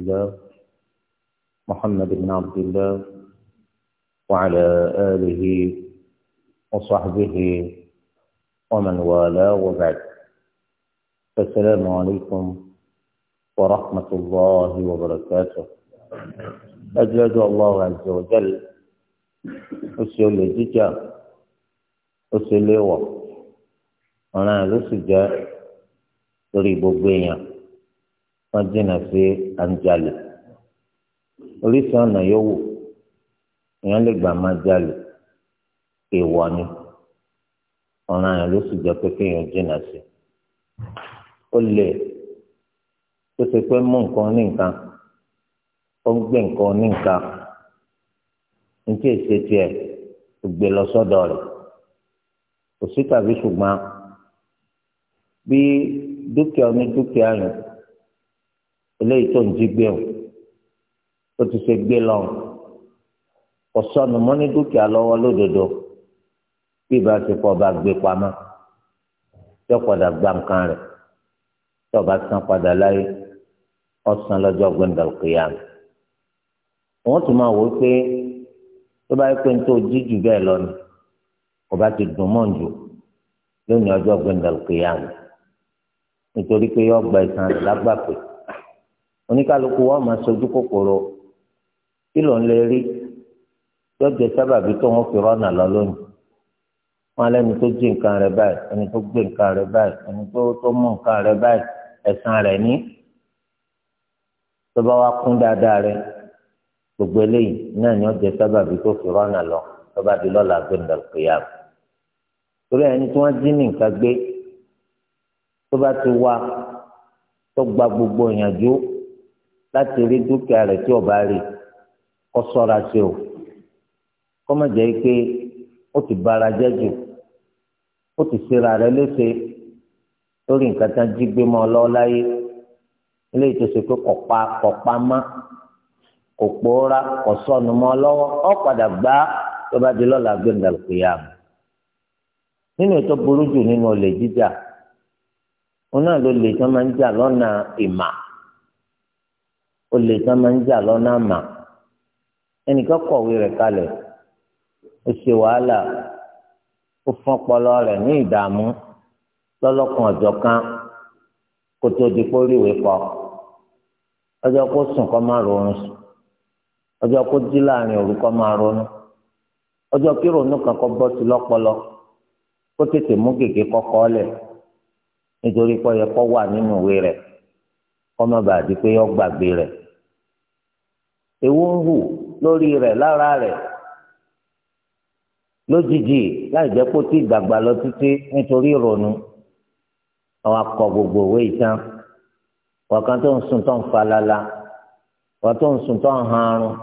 الله محمد بن عبد الله وعلى آله وصحبه ومن والاه وبعد السلام عليكم ورحمة الله وبركاته أجلد الله عز وجل أسئل الزجاج أسئل وأنا لسجاج قريب بيني wọ́n jìnnà sí àǹjalè oríṣi ọ̀nà yòówù èèyàn lè gbà máa jalè èèwọ̀ ni ọ̀ràn yẹn ló sì jẹ́ pé kéèyàn jìnnà sí ó lè tó ṣe pé mú nǹkan ní nǹkan ó ń gbé nǹkan ní nǹkan ní tí èsì tiẹ̀ gbé lọ sọ́dọ̀ rẹ̀ kò sí tàbí ṣùgbọ́n bí dúkìá onídúkìá yẹn eléyìí tó ń jí gbé o ó ti ṣe gbé lọ kò sọnù mọ́ ní dúkìá lọ́wọ́ lódodo bí ìbá ti pọ̀ bá gbé pamọ́ yọ padà gba nǹkan rẹ̀ tó bá san padà láyé ọ̀sán lọ́jọ́ gbẹ̀ndà òkèèyàn wọ́n tún máa wò ó pé tó bá yẹ pé ní tó jí jù bẹ́ẹ̀ lọ ni kò bá ti dùn mọ́ jù lónìí ọjọ́ gbẹ̀ndà òkèèyàn nítorí pé yọ gba ìsan rẹ̀ lágbàpẹ́ oníkálukú wọn máa sojú kòkòrò kí ló ń lè rí yọjẹ sábàbí tó wọn fi rọnà lọ lónìí wọn lẹni tó jí nǹkan rẹ̀ báyìí ẹni tó gbé nǹkan rẹ̀ báyìí ẹni tó tó mú nǹkan rẹ̀ báyìí ẹ̀san rẹ̀ ní tó bá wá kún dáadáa rẹ̀ gbogbo eléyìí náà ni ọjẹ sábàbí tó fi rọnà lọ tó bá di lọ́la gbẹndàkúyà torí ẹni tí wọn jí ní nǹkan gbé tó bá ti wá tó gba gbogbo ìyànjú. láti rí dúkìá rẹ̀ tí ọba rí kó ṣọ́ra sí o kó jẹ́ pé ó ti bára jẹ́ jù ó ti ṣera rẹ̀ léṣe lórí nǹkan tán jí gbé mọ́ lọ́wọ́ láyé eléyìí tó pé má kò pòórá kò sọnù padà gbá tó bá di yá olè tán máa ń jà lọ́nà àmà ẹnìkan kọ̀wé rẹ̀ kalẹ̀ ó ṣe wàhálà ó fọ́n pọlọ rẹ̀ ní ìdààmú lọ́lọ́kan ọ̀jọ̀kan kó tó di póríwèé kọ ọjọ́ kó sùn kó máa ronú sùn ọjọ́ kó jí láàrin òru kó máa ronú ọjọ́ kí ronú kan kó bọ́ sí lọ́pọlọ kó tètè mú gègé kọ́kọ́ lẹ̀ nítorí pé ó yẹ kó wà nínú ìwé rẹ̀ kọ́mọ bàdí pé ó gbàgbé rẹ̀ ewu ń hù lórí rẹ̀ lára rẹ̀ lójijì láì jẹ́ kó tí ìdàgbà lọ títí nítorí ìrònú àwọn akọ gbogbo òwe ìtàn wọ̀kan tó ń sùn tó ń falala wọ́n tó ń sùn tó ń han arun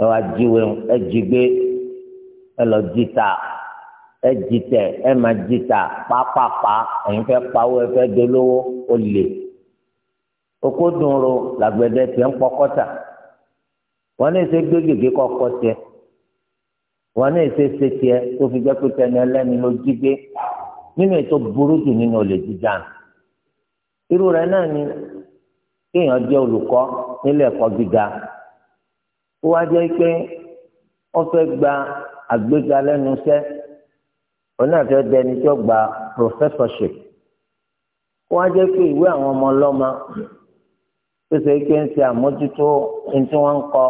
ẹ wá jíwe ẹ jí gbé ẹ lọ jí ta ẹ jí tẹ ẹ má jí ta pápápá ẹ̀yin fẹ́ pawó ẹ fẹ́ dolówó ó oko dunro làgbẹ̀dẹ tiẹ̀ ń pọkọ́tà wọn náà ṣe gbé gègé kọ́kọ́ tiẹ̀ wọn náà ṣe ṣe tiẹ̀ tó fi jẹ́ pé tẹni ẹlẹ́ni ló jí nínú ètò burú jù nínú olè jíjà irú rẹ̀ náà ni kéèyàn jẹ́ olùkọ́ nílé ẹ̀kọ́ gíga ó wá jẹ́ pé wọ́n fẹ́ gba àgbéga lẹ́nu iṣẹ́ òun náà fẹ́ dẹni tó gba professorship ó wá jẹ́ pé ìwé àwọn ọmọ ọlọ́mọ tó ṣe pé ń ṣe àmójútó ní tí wọ́n ń kọ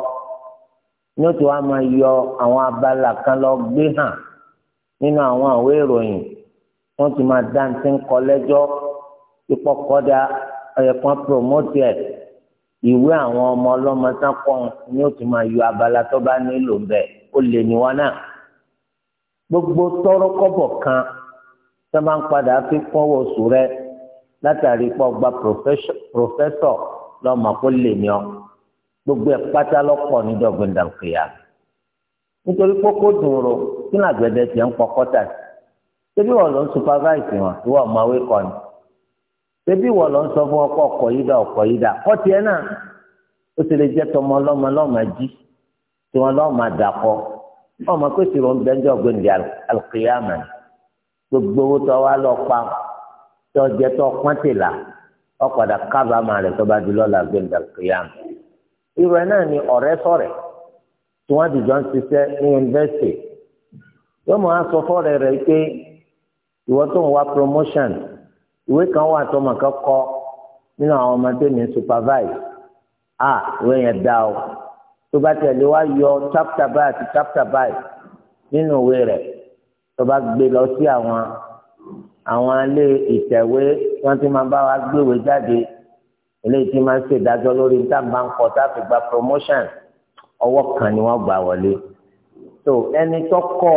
ní ó ti wá máa yọ àwọn abala kan lọ gbé hàn nínú àwọn àwé ìròyìn wọ́n ti máa dá ní ti ń kọ lẹ́jọ́ ipò kọ́dà ẹ̀kan promote ìwé àwọn ọmọ ọlọ́mọ sápọ̀ ni ó ti máa yọ abala tó bá nílò bẹ́ẹ̀ ó lè níwá náà gbogbo tọrọ kọ́bọ̀ kan tó máa ń padà fi kọ́wọ́ rẹ látàrí pọ̀ gba professor lọ́mọ kó lè ní ọ gbogbo ẹ̀ pátá lọ́pọ̀ ní dọ̀gbìn dànkìyà nítorí kókó dùn ro kí ní àgbẹ̀dẹ tiẹ̀ ń pọ kọ́tà ṣébí wọ́n lọ ń supervise wọn ìwọ ọ̀mọ̀wé kọ́ ni ṣébí wọ́n lọ ń sọ fún ọkọ ọkọ̀ yìí dà ọkọ̀ yìí dà kọ́ tiẹ̀ náà ó sì lè jẹ́ tọmọ ọlọ́mọ lọ́mọ jí tí wọ́n lọ́mọ dàkọ́ ọmọ pé tí wọ́n bẹ́ẹ̀ ń dọ̀gbìn di alkiyama gbogbo owó tó wá lọ pa tó jẹ́ tó pọ́ntì là ọ̀padà kábàámà rẹ̀ tó bá di lọ́la gbẹ̀ndàl ẹ̀ náà ni ọ̀rẹ́ sọ̀rẹ́ tí wọ́n dìjọ́ ń ṣiṣẹ́ ní yunifásitì yóò mọ̀ á sọ fọ́ọ̀rẹ́ rẹ̀ pé ìwọ tó ń wá promotion ìwé kan wà tó mọ̀ kán kọ́ nínú àwọn ọmọ tó supervise à ìwé yẹn dá o tó bá tẹ̀lé wá yọ chapter by chapter by nínú ìwé rẹ̀ tó bá gbé lọ sí àwọn àwọn ilé ìtẹ̀wé wọ́n ti máa bá wa gbéwèé jáde eléyìí tí máa ń ṣèdájọ́ lórí níta bá ń kọ tá a gba promotion ọwọ́ kan ni wọ́n gbà wọlé so ẹni tó kọ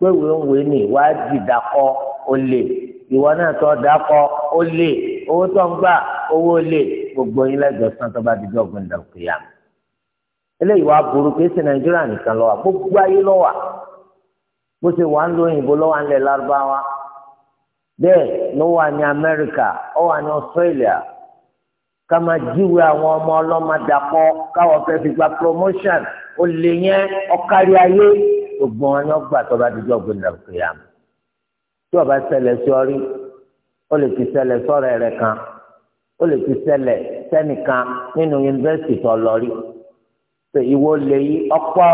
gbéwèé ń wé ní wàá dìdà kọ ó lè ìwọ náà tó dà kọ ó lè owó tó ń gbà owó lè gbogbo yín lẹ́jọ́ sàn tó bá di dọ́gbọ̀n dàkúyà eléyìí wàá burú kí sí nàìjíríà nìkan lọ́wọ́ gbogbo ayé lọ́wọ́ bó ṣe wà ń lo òyìnbó lọ́wọ́ ń lẹ̀ lárúbáwá bẹ́ẹ̀ ló wà ní amẹ́ríkà ó wà ní australia ká máa jíwe àwọn ọmọ ọlọ́mọ dàpọ̀ káwọn fẹ́ fi gba promotion ó lè yẹn ọkárí ayé gbogbo wọn ni wọn gbà tó bá ti jọ gbẹdẹ òkèèyàn tí ọba ṣẹlẹ̀ sọrí ó lè ti ṣẹlẹ̀ sọ̀rọ̀ ẹrẹ kan ó lè ti ṣẹlẹ̀ sẹ́nìkan nínú yunifásitì tó lọ rí ìwọ lè yí ọ̀pọ̀.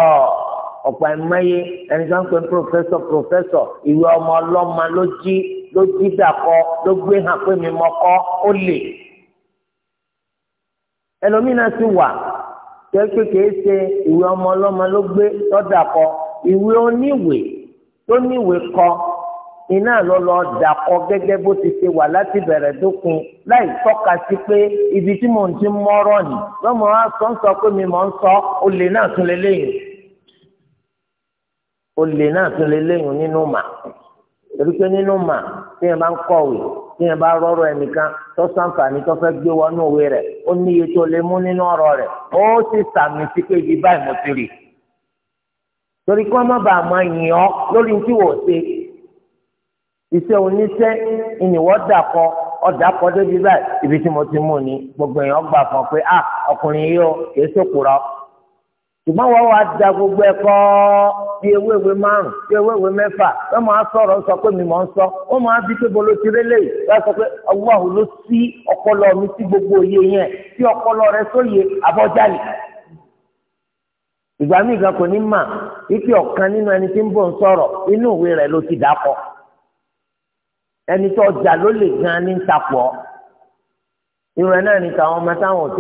ọ̀pọ̀ ẹ̀mọ́yé ẹni tó ń pè pòfẹ́sọ̀ pòfẹ́sọ̀ ìwé ọmọ ọlọ́mọ ló jí ló jí ló gbé hàn pé mi kọ́ ó lè. ẹlòmínà ti wà ṣe ìwé ọmọ ọlọ́mọ ló gbé lọ́dàkọ ìwé oníwè tó níwè iná ló lọ gẹ́gẹ́ bó ti ṣe wà láti bẹ̀rẹ̀ láì tọ́ka sí pé ibi tí mò ń ti wa sọ ń sọ pé mi ń sọ náà tún lélẹ́yìn. olè náà tún lè léyìn nínú mà torí nínú mà tí yẹn bá ń tí yẹn bá rọrọ ẹnìkan tó sàǹfààní tó fẹ́ gbé òwe rẹ̀ ó ní iye tó lè mú nínú ọ̀rọ̀ rẹ̀ ó sì sàmì sí pé ibi báyìí mo ti rì torí kí wọ́n má bàa máa yìn ọ́ kọ débi báyìí ibi tí mo ti mú ni gbogbo ọ pé ah ṣùgbọ́n wọ́n wá da gbogbo ẹ̀kọ́ bí ewé ìwé márùn bí ewé ìwé mẹ́fà wọ́n máa sọ̀rọ̀ sọ pé mi máa ń sọ wọ́n máa bí pé bolo ti rélẹ̀ yìí wọ́n sọ pé Allahu ló sí ọpọlọ mi sí gbogbo òye yẹn sí ọpọlọ rẹ sóye abọ́jálì. ìgbà míì gan kò ní mà ike ọ̀kan nínú ẹni tí ń bò ń sọ̀rọ̀ inú ìwé rẹ̀ ló ti dàpọ̀ ẹni tó ọjà ló lè gan ní tapọ̀ ìrìn náà ni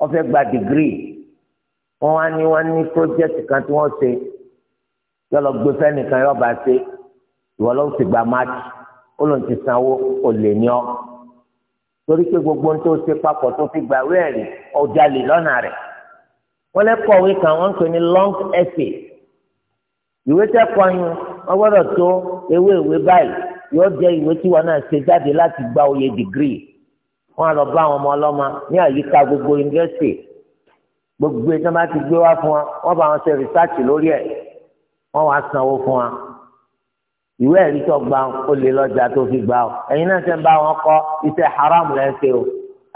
wọ́n fẹ́ gba dìgírì wọ́n wá ní wọ́n ní pírójẹ́tì kan tí wọ́n ṣe yọ lọ gbé fẹ́nìkan yọ bá ṣe ìwọ ló ti gba máàkì ó ló ti sanwó ó lè ní ọ torí pé gbogbo ohun tó ṣe papọ̀ tó fi gba wẹ́ẹ̀rì ọjà lè lọ́nà rẹ̀ wọ́n lẹ́kọ̀ọ́wé kan wọ́n ń pè ní long essay ìwé tẹ́kọ̀ọ́ yín wọ́n gbọ́dọ̀ tó ewé ìwé báyìí yóò jẹ́ ìwé tí wọn náà ṣe jáde láti gba oyè dìgírì wọ́n á lọ bá àwọn ọmọ ọlọ́mọ ní àyíká gbogbo yunifásitì gbogbo ìtàn bá ti gbé wá fún wa wọ́n bá wọn ṣe rìsáàtì lórí ẹ̀ wọ́n wá sanwó fún wa ìwé ẹ̀rí tó gba ó lè lọ́jà tó fi gbà ó ẹ̀yin náà ṣe ń bá wọn kọ́ iṣẹ́ haram lẹ́ ń ṣe o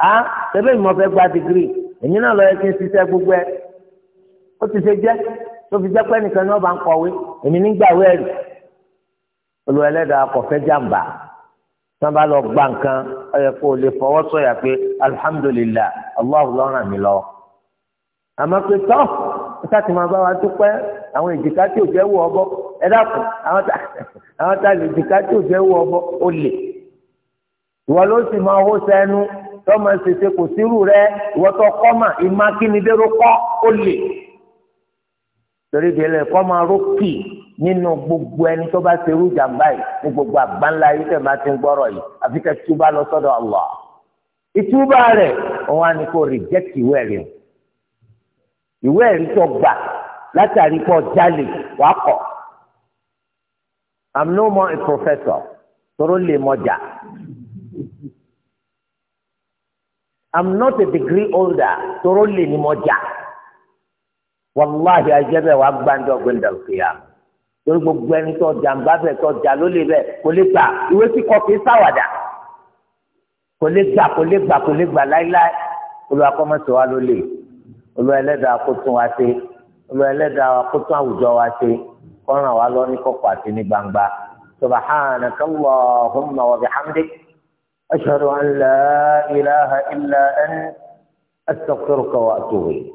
á tẹ́lẹ̀ ìmọ̀ fẹ́ gba dìgírì ẹ̀yin náà lọ́ọ́ yẹ kí n ṣiṣẹ́ gbogbo ẹ̀ ó ti ṣe jẹ́ tó fi jẹ́ pé ẹnìkan náà bá ń kọ̀wé èmi nígbàwé ẹ̀rí olùwẹ̀lẹ́dàá kọ̀ fẹ́ jàǹbá tí wọ́n bá lọ gba nǹkan ó yẹ kó o lè fọwọ́ sọ̀yà pé alhamdulillah allah ló ràn mí lọ. àmọ́ pé tọ́ níta tí màá bá wa dúpẹ́ àwọn èjìká tí ò fẹ́ wù ọbọ ẹ dákun àwọn tá lè èjìká tí ò fẹ́ wù ọbọ ó lè. ìwọ ló sì máa hó sẹ́nu tọ́mọ ṣèṣe kò sírù rẹ ìwọ tó kọ́ mà ìmá kí ni dérò kọ́ ó lè. torí ìdílé kọ́ máa rókì nínú gbogbo ẹni tó bá ṣerú jàmbá yìí ní gbogbo àgbáńlá yìí tẹ̀ máa ti ń gbọ́rọ̀ yìí àfi kẹ́ túbà lọ sọ́dọ̀ Allah ìtúbà rẹ̀ òun á ní kó reject ìwé ẹ̀rí o ìwé ẹ̀rí tó gbà látàrí kó jalè wà kọ̀ I'm no more a professor toro lè mọjà I'm not a degree holder toro lè ní mọjà wàláhi ajẹ́bẹ̀ wàá gbàndọ̀ gbẹ̀ndọ̀ kìyàmù torí gbogbo ẹni tó jàǹbá bẹ tó jà ló lè bẹ kò lè gbà ìwé kíkọ kì í ṣàwàdà kò lè gbà kò lè gbà kò lè gbà láíláí olùwà kọ́mọ̀tò wa ló lè olùwà ẹlẹ́dàá kó tún wa ṣe olùwà ẹlẹ́dàá kó àwùjọ wa ṣe kọ́ràn wa lọ ní kọ̀kọ̀ àti ní gbangba subhanaka allahumma wa bihamdik ashhadu an la ilaha illa ant astaghfiruka wa atubu ilayk.